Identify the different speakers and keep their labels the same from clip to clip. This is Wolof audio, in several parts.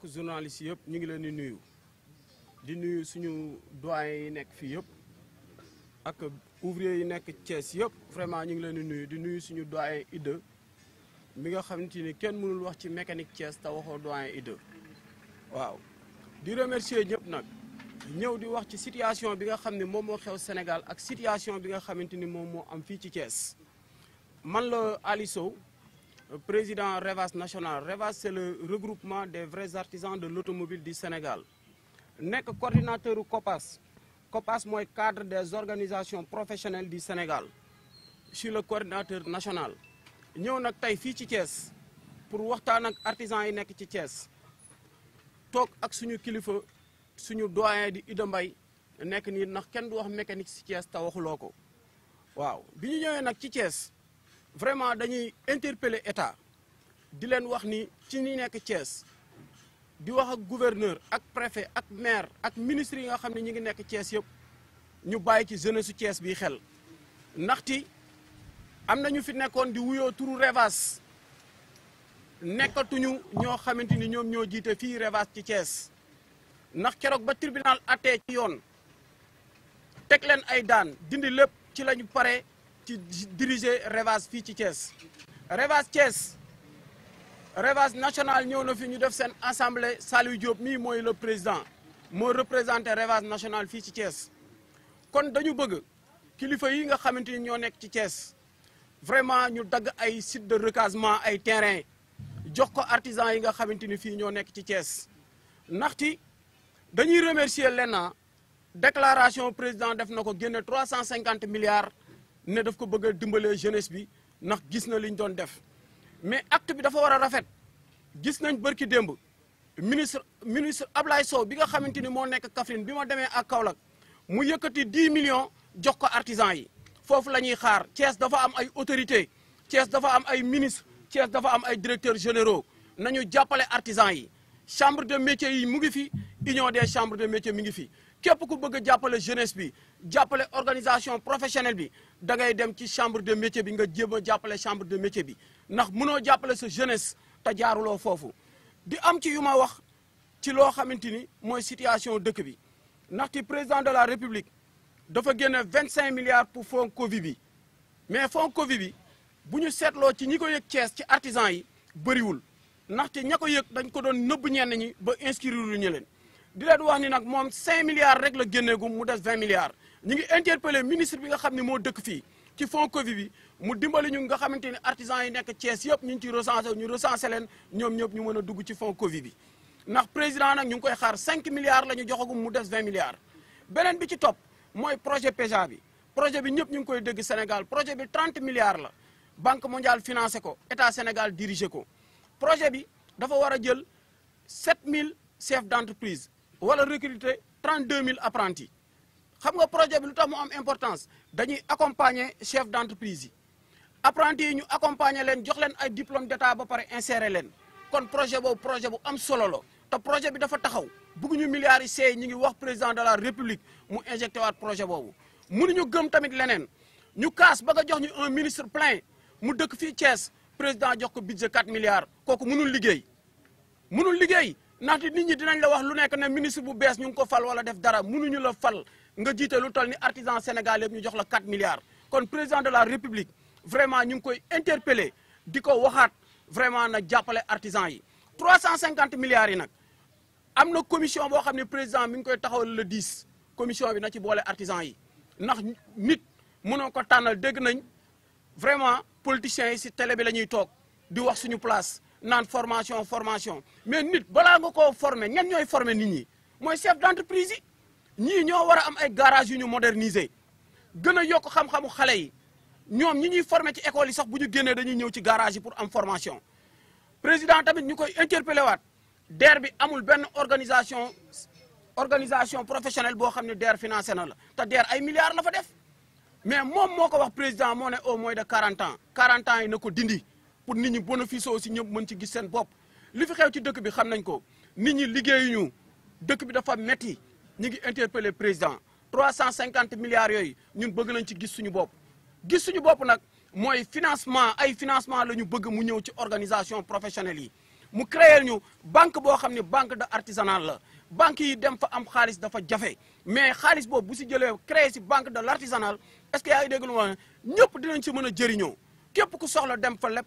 Speaker 1: mbokk journaliste yëpp ñu ngi leen di nuyu di nuyu suñu doyen yi nekk fii yëpp ak ouvrier yi nekk cees yëpp vraiment ñu ngi leen di nuyu di nuyu suñu doyen Ida mi nga xamante ni kenn mënul wax ci mécanique Thiès te waxoo doyen Ida waaw di remercier ñëpp nag ñëw di wax ci situation bi nga xam ne moom moo xew Sénégal ak situation bi nga xamante ni moom moo am fii ci cees man la Ali Sow président Revas National. Revas, c'est le regroupement des vrais artisans de l'automobile du Sénégal. le coordinateur du COPAS COPAS le cadre des organisations professionnelles du Sénégal je suis le coordinateur national Nous sommes ici fii pour voir les artisans yi nekk ci Thiès tok ak suñu kilifa suñu doyen di Ida nous ni nak ndax kenn du wax mécanique ci Thiès ta waxuloko waaw biñu nak vraiment dañuy interpeller état di len wax ni ci ni nek Thiès di wax ak gouverneur ak préfet ak maire ak ministre yi nga xamni ñi ngi nek Thiès yëpp ñu bàyyi ci jeunesse su Thiès bi xel ndaxti amna ñu fi nekkon di wuyo turu Revas nekkatuñu ñoo nyu ni ñoom ñoo jiite fi Revas ci Thiès ndax kérok ba tribunal até ci yoon tek len ay daan dindi lepp ci lañu pare diriger Revas fii ci Thiès Revas Thiès Revas national ñëw na fi ñu def assemblée salut Diop moi le président Moi représente Revas national fii ci Thiès kon dañu bëgg kilifa yi nga xamante ni ci Thiès vraiment ñu dagg ay site de recasement ay terrain jox ko artisan yi nga xamante ni fii ñoo nekk ci Thiès dañuy remercier lenn déclaration président def na 350 milliards ne daf ko bëgg a dimbalee jeunesse bi ndax gis na li doon def mais act bi dafa war a rafet gis nañ bërki démb ministre ministre Ablaye Sow bi nga xamante ni moo nekk Kaffrine bi ma demee ak Kaolack mu yëkkati 10 million jox ko artisan yi foofu la ñuy xaar Thiès dafa am ay autorités Thiès dafa am ay ministres Thiès dafa am ay directeurs généraux nañu jàppale artisan yi chambre de métiers yi mu ngi fi union des chambres de métiers mi ngi fi képp ku bëgg a jeunesse bi jàppale organisation professionnelle bi da ngay dem ci chambre de métier bi nga dans a chambre de métier bi Nak mënoo jàppale ce jeunesse te jaaruloo fofu. di am ci yuma ma wax ci loo xamante ni mooy situation dëkk bi ndaxte président de la république doit génne 25 milliards pour fond Covid bi mais fond Covid bi bu ñu seetloo ci ñi ko yëg Thiès ci artisan yi bëriwul ndaxte ña ko yëg dañ ko doon nëbb ñenn ñi ba inscrire lu ñu di leen wax ni nak mom 5 milliards rek la génneegum mu des 20 milliards ñi ngi interpeller ministre bi nga xamni mo dëkk fi ci fonds Covid bi mu dimbali ñu nga xamanteni artisans yi nekk Thiès yëpp ñu ci recenser ñu recenser leen ñom ñëpp ñu mëna dugg ci fonds Covid bi nak président nak ñu ngi koy xaar 5 milliards la ñu joxagum mu des 20 milliards benen bi ci top moy projet PEJA bi projet bi ñëpp ñu ngi koy dëgg Sénégal projet bi 30 milliards la banque mondiale financé ko état Sénégal dirigé ko projet bi dafa wara jël 7000 chefs d'entreprise wala recruter 32 000 apprentis xam nga projet bi lu mu am importance dañuy accompagner chef d'entreprise. Apprenti apprentis ñu accompagner leen jox leen ay diplôme d'état ba paré insérer leen kon projet boobu projet bu am solo lo. Ta projet bi dafa taxaw bëgguñu milliards yi ñi ngi wax président de la république mu injecté wat projet Mënu ñu gëm tamit leneen ñu kaas ba nga jox ñu un ministre plein mu dëkk fi Thiès président jox ko budget 4 milliards koku mënul liggéey mënul liggéey ndaxte nit ñi dinañ la wax lu nekk ne ministre bu bees ñu ngi ko fal wala def dara mënuñu la fal nga jiite lu toll ni artisan Sénégal yëpp ñu jox la 4 milliards kon président de la république vraiment ñu ngi koy interpellé di ko vraiment na jàppale artisan yi 350 milliards yi nag am commission boo xam ne président mi ngi koy taxawal le 10 commission bi na ci boole artisan yi ndax nit mënoo ko tànnal dégg nañ vraiment politicien yi télé bi la ñuy toog di wax suñu place nan formation formation mais nit bala nga ko former ñan ñoy former nit ñi moy chef d'entreprise ñi ño wara am ay garage ñu moderniser gëna yok xam-xamu xalé yi ñom ñi ñuy former ci école yi sax buñu gënné dañuy ñëw ci garage yi pour am formation président tamit ñukoy interpeller interpellé waat DER bi amul ben organisation organisation professionnelle bo xamni DER financé na la ta DER ay milliards la fa def mais mom moko wax président moo ne au moins de 40 ans 40 ans il na ko dindi pour nit ñi bénéfice aussi ñëpp mën ci gis seen bopp li fi xew ci dëkk bi xam nañ ko nit ñi liggéeyuñu dëkk bi dafa metti ñu ngi interpeller président 350 milliards yooyu ñun bëgg nañ ci gis suñu bopp gis suñu bopp nag mooy financement ay financement la ñu bëgg mu ñëw ci organisation professionnelle yi mu créer ñu banque boo xam banque de artisanal la banque yi dem fa am xaalis dafa jafe mais xaalis boobu bu si jëlee créer si banque de l' artisanal est ce qu'il y a dégg lu ma ñëpp dinañ si mën a jëriñoo képp ku soxla dem fa lépp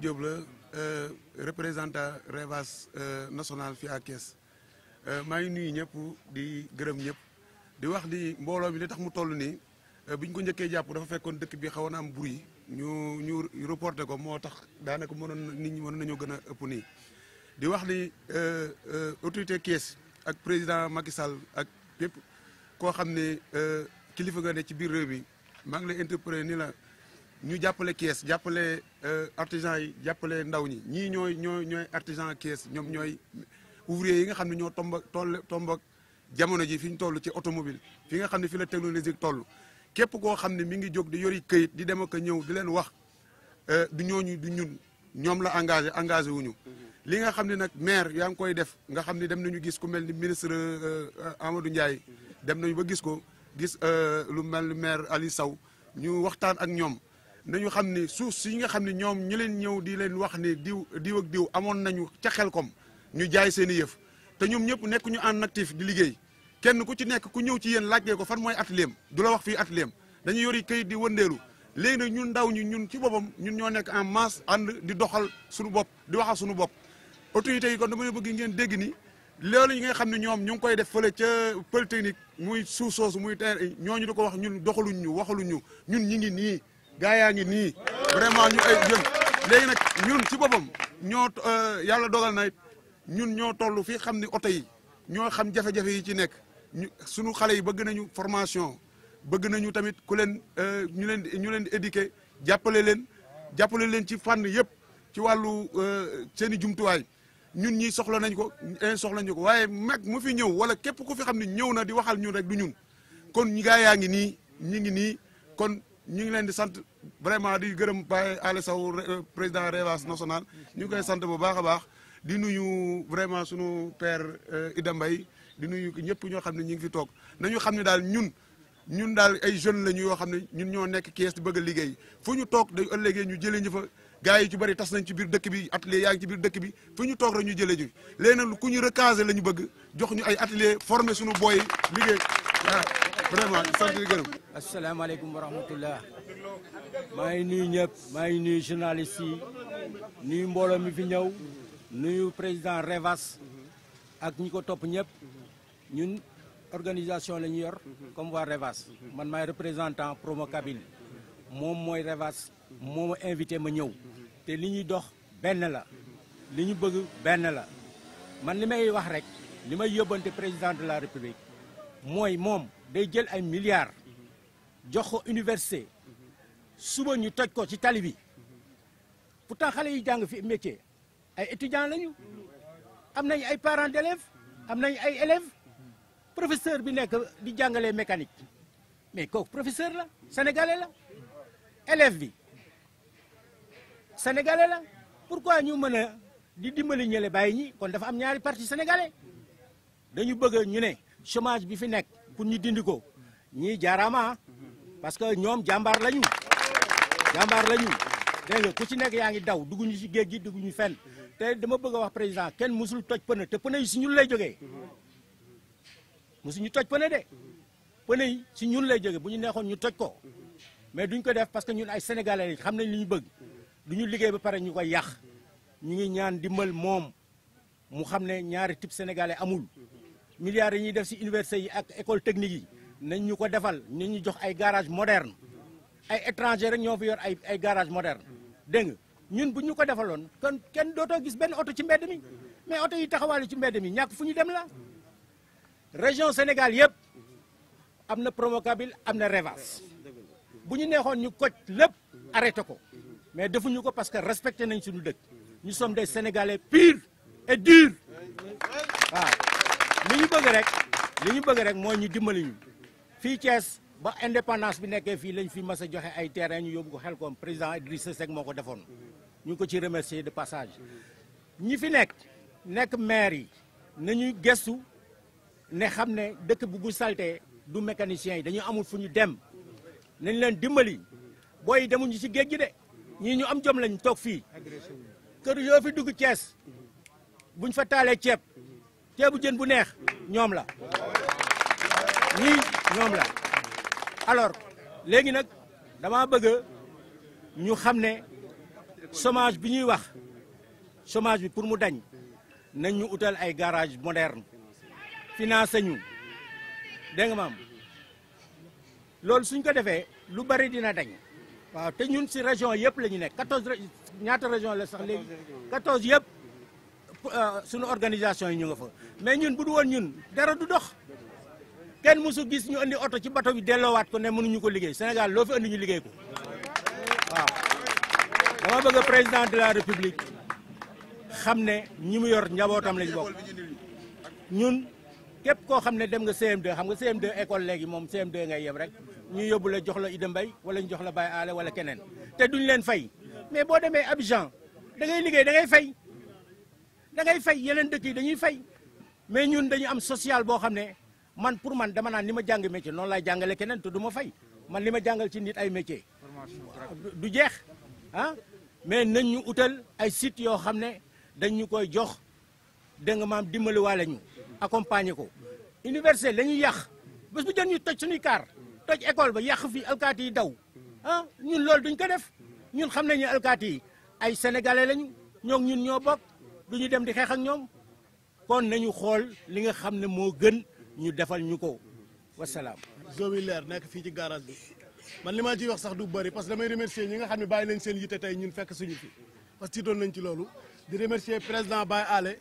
Speaker 2: Diop la euh, représentant Revas euh, national fii à Thiès euh, maa ngi nuyu ñëpp di gërëm ñëpp di wax di mbooloo mi li tax mu toll nii bi ñu ko njëkkee jàpp dafa fekkoon dëkk bi xawoon na am bruit ñu ñu reporté ko moo tax daanaka mënoon nit ñi mënoon nañoo gën a ëpp nii. di wax ni autorité kees ak président Macky Sall ak yëpp koo xam ne kilifa nga ne ci biir réew mi maa ngi lay ni la. ñu jàppale kees jàppale euh, artisan yi jàppale ndaw ñi ñii ñooy ñooy ñooy artisan kees ñoom ñooy ouvrier yi nga xam ne ñoo tomba toll tomba jamono ji fi ñu toll ci automobile fi nga xam ne fi la technologie toll képp koo xam ne mi ngi jóg di yori kayit di dem ak ñëw di leen wax euh, du ñooñu du ñun ñoom la engagé engagé wuñu mm-hmm. li nga xam ne nag maire yaa ngi koy def nga xam ni dem nañu gis ku mel ni ministre euh, Amadou Ndiaye mm-hmm. dem nañu ba gis ko gis lu mel ni maire ali saw ñu waxtaan ak ñoom nañu xam ni suuf si nga xam ne ñoom ñu leen ñëw di leen wax ni diw diw ak diw amoon nañu ca kom ñu jaay seen i yëf te ñoom ñëpp nekk ñu en actif di liggéey kenn ku ci nekk ku ñëw ci yéen laajtee ko fan mooy at atelier du la wax fii leem dañu yori kayit di wëndeelu léegi nag ñun ndaw ñi ñun ci boppam ñun ñoo nekk en masse ànd di doxal suñu bopp di waxal suñu bopp autorités yi kon dama bëgg ngeen dégg ni loolu yi nga xam ne ñoom ñu ngi koy def fële ca polytechnique muy suuf soosu muy ñoo ñu di ko wax ñun doxaluñ ñu waxaluñ ñu ñun ñi ngi nii gaa yaa ngi nii vraiment ñu ay jën léegi nag ñun ci boppam ñoo euh, yàlla dogal na ñun ñoo toll fii xam ni oto yi ñoo xam jafe-jafe yi ci nekk ñu sunu xale yi bëgg nañu formation bëgg nañu tamit ku leen euh, ñu leen ñu leen di éduquer jàppale leen jàppale leen ci fànn yëpp ci wàllu euh, seen i jumtuwaay ñun ñii soxla nañ ko in soxla ñu ko waaye mag mu fi ñëw wala képp ku fi xam ne ñëw na di waxal ñun rek du ñun kon gaa yaa ngi nii ñi ngi nii kon ñu ngi leen di sant vraiment di gërëm Baye Alé Sow euh, président Revas national ñu koy sant bu baax a baax di nuyu vraiment sunu père euh, Ida Mbaye di nuyu ñëpp ñoo xam ne ñu ngi fi toog nañu xam ne daal ñun ñun daal ay jeunes la ñu yoo xam ne ñun ñoo nekk kees di bëgg liggéey fu ñu toog day ëllëgee ñu jëlee ñu fa gars yi ci bëri tas nañ ci biir dëkk bi atelier yaa ci biir dëkk bi fu ñu toog rek ñu jëlee ñu léegi nag ku ñu recaser la
Speaker 3: ñu bëgg jox ñu ay atelier former sunu booy liggéey vraiment alaikum di gërëm. asalaamaaleykum wa rahmatullah maa ngi nuyu ñëpp maa ngi journaliste yi mi fi ñëw président Revas ak ñi top topp ñëpp ñun organisation la yor comme voir Revas man maay représentant promo cabine mon mooy Revas mon invité ma ñëw te li ñuy dox benn la li bëgg la man li may wax rek li may président de la république. Moi, je day jël ay milliards jox université suba ñu pourtant xalé yi fi métier ay étudiants lañu am nañ parents d'élèves am nañ ay élèves professeur bi nek di mécanique mais les professeur sénégalais la élève sénégalais pourquoi ñu mëna di dimbali ñëlé ñi kon dafa am parti sénégalais dañu bëgg chômage bi fi nekk pour ñu dindi ko ñii jaaraama parce que ñoom jàmbaar lañu jàmbaar lañu dégg nga ku ci nekk yaa ngi daw dugguñu ci géej gi dugguñu fenn te dama bëgg a wax président kenn musul toj pëne te pëne yi si ñun lay jógee musuñu toj pëne de pëne yi si ñun lay jógee bu ñu nekkoon ñu toj ko mais duñ ko def parce que ñun ay sénégalais xam nañ li ñu bëgg du ñu liggéey ba pare ñu koy yàq ñu ngi ñaan dimbal moom mu xam ne ñaari type sénégalais amul milliards yi ñuy def si université yi ak école technique yi nañ ñu ko defal nañ ñu jox ay garage moderne ay étranger rek ñoo fi yor ay ay garage moderne dégg nga ñun bu ñu ko defaloon kon kenn dootoo gis benn oto ci mbedd mi mais oto yi taxawaalu ci mbedd mi ñàkk fu ñu dem la région Sénégal yëpp am na Promocabile am na Revas bu ñu neexoon ñu koj lépp arrêté ko mais defuñu ko parce que respecté nañ suñu dëkk ñu sommes des Sénégalais purs et durs waaw li ñu bëgg rek li ñu bëgg rek mooy ñu dimbali ñu fii Thiès ba indépendance bi nekkee fii lañ fi mas a joxe ay terrain ñu yóbbu ko xel koom président Idrissa Seck moo ko defoon ñu ngi ko ci remercier de passage ñi fi nekk nekk maire yi nañuy gëstu ne xam ne dëkk bu bu saltee du mécanicien yi dañu amul fu ñu dem nañ leen dimbali booy yi demuñu ci géej gi de ñii ñu am jom lañ toog fii kër yoo fi dugg Thiès buñ fa taalee ceeb bu nous sommes la Nous ñom la alors nous nak dama bëgg ñu xamné chômage bi ñuy wax chômage bi pour mu dañ nañ ñu ay garage moderne financer ñu maam suñ ko lu bari dina dañ waaw ñun si région yépp 14 ñaata région la sax 14 Euh, sunu organisation yi ñu nga fa mais ñun bu du woon ñun dara du dox kenn mosu gis ñu indi oto ci bato bi delloowaat ko ne mënuñu ko liggéey Sénégal loo fi andi ñu liggéey ko waaw dama bëgg président de la république xam ne ñi mu yor njabootam lañ bokk ñun képp koo xam ne dem nga CM2 xam nga cm école léegi moom cm ngay yem rek ñu yóbbu la jox la Idda Mbay wala ñu jox la Baye Aale wala keneen te duñ leen fay mais boo demee Abidjan da liggéey da da ngay fay yeneen dëkk yi dañuy fay mais ñun dañu am social boo xam ne man pour man dama naan ni ma jàng métier noonu lay jàngale keneen te du ma fay man li ma jàngal ci nit ay métier du jeex ah mais nañ ñu utal ay site yoo xam ne dañ ñu koy jox da nga maam dimbaliwaale ñu accompagner ko université lañuy ñuy yàq bés bu jën ñu toj suñuy kaar toj école ba yàq fii alkaati yi daw ah ñun loolu duñ ko def ñun xam nañu alkaati yi ay sénégalais lañu ñoo ñun ñoo bokk du ñu dem di xeex ak ñoom kon nañu xool li nga xam ne moo gën ñu defal ñu ko wasalaam. Zowi leer nekk fii ci
Speaker 4: garage bi man li ma ci wax sax du bari parce que damay remercier ñi nga xam ne bàyyi nañ seen yitte tey ñun fekk suñu fi parce que tiitoon nañ ci loolu di remercier président Baye Ale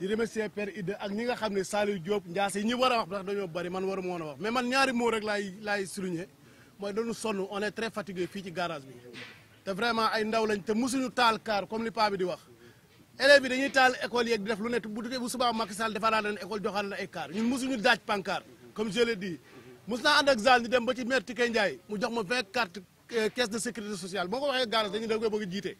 Speaker 4: di remercier Père Ida ak ñi nga xam ne Saliou Diop Ndiasse yi ñi war a wax ndax dañoo bari man waru ma woon a wax mais man ñaari mots rek laay laay souligner mooy dañu sonn on est très fii ci garage bi te vraiment ndaw lañ te mosuñu taal kaar comme li paa bi di wax. élèves bi dañuy taal école yeeg di def lu nekk bu bu subaa Macky Sall defaraat leen école joxaat la ay ñun mosuñu daaj pancarte comme je l'ai dit mos naa ànd ak Zal ñu dem ba ci maire Tické mu jox ma vingt carte euh, caisse de sécurité sociale boo ko waxee garage dañu da koy bëgg a jiite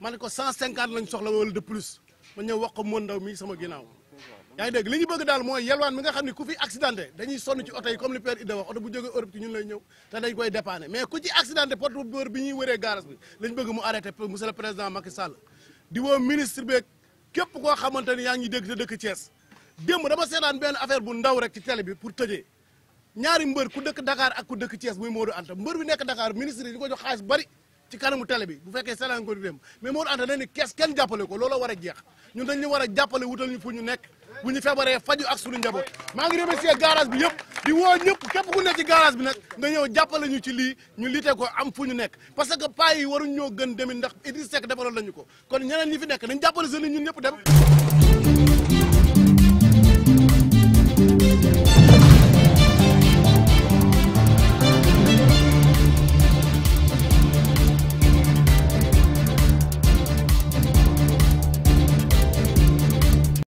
Speaker 4: ma ko cinquante lañ soxla wala de plus ma ñëw wax ko moon ndaw mi sama ginnaaw yaa ngi dégg li ñu bëgg daal mooy yelwaan mi nga xam ne ku fi accidenté dañuy sonn oto yi comme di woo ministre beeg képp koo xamante ni yaa ngi dégg te dëkk Thiès démb dama seetaan benn affaire bu ndaw rek ci télé bi pour tëjee ñaari mbër ku dëkk Dakar ak ku dëkk Thiès muy Modou Anta mbër bi nekk Dakar ministre yi di ko jox xaalis bari ci kanamu télé bi bu fekkee seetaan ko di dem mais Modou Anta dañ kees kenn jàppale ko looloo war a jeex ñun dañ war a jàppale wutal ñu fu ñu nekk bu ñu feebaree faju ak suñu njaboot maa ngi remercier garage bi yëpp di woo ñëpp képp ku nekk ci garage bi nag nga ñëw jàppale ñu ci lii ñu lite ko am fu ñu nekk parce que paa yi waruñ ñoo gën demit ndax Idriss Seck defaloon nañu ko kon ñeneen ñi fi nekk nañ jàppale seen ñu ñëpp dem